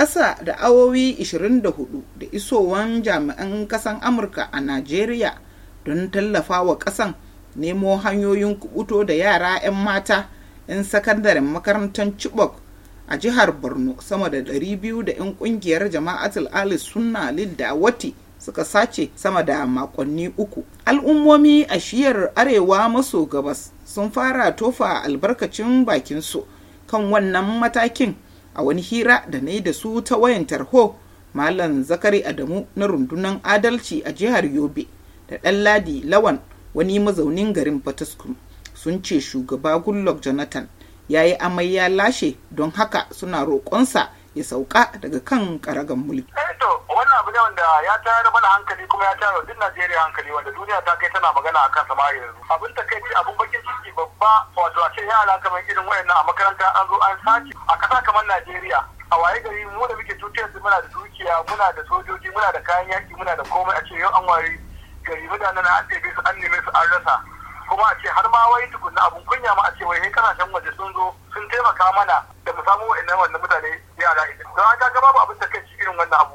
ƙasa da awowi 24 da isowan jami'an ƙasan amurka a najeriya don tallafa wa ƙasan nemo hanyoyin kubuto da yara 'yan mata 'yan sakandaren makarantar chibok a jihar borno sama da 200 da 'yan ƙungiyar jama'atul ali sunna lil dawati suka sace sama da makonni uku al'ummomi a shiyar arewa maso gabas sun fara tofa albarkacin bakinsu kan wannan matakin a wani hira da na yi da su ta wayan tarho malam zakari adamu na rundunar adalci a jihar yobe da ɗan ladi lawan wani mazaunin garin fataskum sun ce shugaba goodluck jonathan ya yi amai ya lashe don haka suna roƙonsa ya sauka daga kan karagan mulki. Eh, to wannan abu ne wanda ya tayar mana hankali kuma ya tayar duk najeriya hankali wanda duniya ta kai tana magana a akan samari yanzu abin ta kai abin bakin sace babba wato a ce yara kamar irin wayannan a makaranta an zo an sace a kasa kamar Najeriya a waye gari mu da muke tutiyar muna da dukiya muna da sojoji muna da kayan yaki muna da komai a ce yau an waye gari mutanen an ɗebe su an neme su an rasa kuma a ce har ma wai tukunna abun kunya ma a ce wai kasashen waje sun zo sun taimaka mana da mu samu wa'annan wannan mutane yara idan don ga babu abin da kai irin wannan abu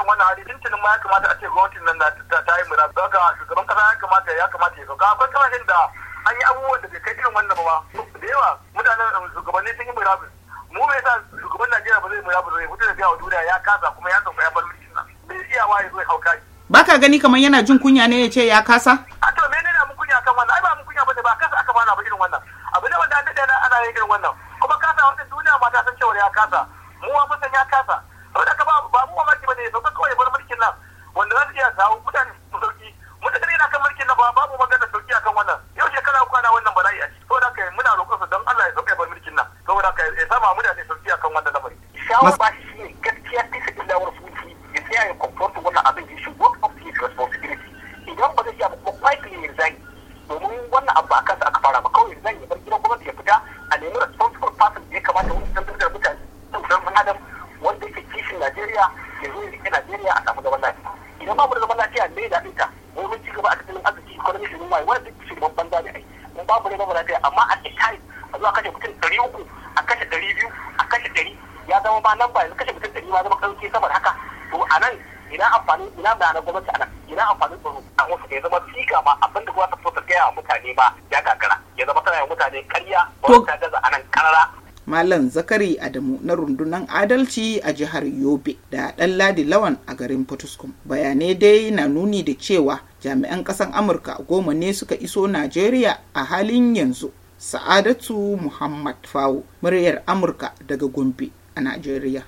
akan wannan hali tuntunin ma ya kamata a ce gwamnatin nan ta yi mura don haka shugaban kasa ya kamata ya kamata ya sauka akwai kasashen da an yi abubuwan da bai kai irin wannan ba da yawa mutanen um, shugabanni sun yi murabus mu bai sa shugaban najeriya ba zai mura ba zai fito da biya wa duniya ya kasa kuma ya sauka ya bar mulkin nan bai iyawa ya zo ya ba ka gani kamar yana jin kunya ne ya ce ya kasa a to me ne na mun kunya kan wannan ai ba mun kunya ba ne ba kasa aka bana ba irin wannan abu ne wanda an daɗe ana yin irin wannan kuma kasa wannan duniya ma ta san cewa ya kasa mu ma mun san ya kasa mutane ya sauka kawai ya bar mulkin nan wanda za su iya kawo mutane su sauki mutane na kan mulkin nan ba babu magana sauki akan wannan yau shekara uku ana wannan bala'i a ciki saboda haka muna roƙonsa don Allah ya sauka ya bar mulkin nan saboda haka ya sama mutane sauki akan wannan lamari shawara ba ya zo ya rike Najeriya a samu zaman lafiya idan babu da zaman lafiya me da ta wai mun ci gaba a tattalin arziki economy shi mai wani duk shi ban banza ne ai mun babu da zaman lafiya amma a kai a zuwa kashe mutum ɗari uku a kashe ɗari biyu a kashe ɗari ya zama ba nan ba yanzu kashe mutum ɗari ma zama ɗauke saboda haka to a nan ina amfani ina da na gwamnati a nan ina amfani tsaro a wasu ya zama siga ma abin da gwamnati ta gaya wa mutane ba ya gagara ya zama tana yin mutane karya ba ta gaza anan nan karara Malam Zakari Adamu na rundunar adalci a jihar Yobe da ɗan Ladi Lawan a garin Potuskum. Bayanai dai na nuni da cewa jami'an ƙasan Amurka goma ne suka iso Najeriya a halin yanzu. Sa'adatu Muhammad Fawo, muryar Amurka daga Gombe a Najeriya.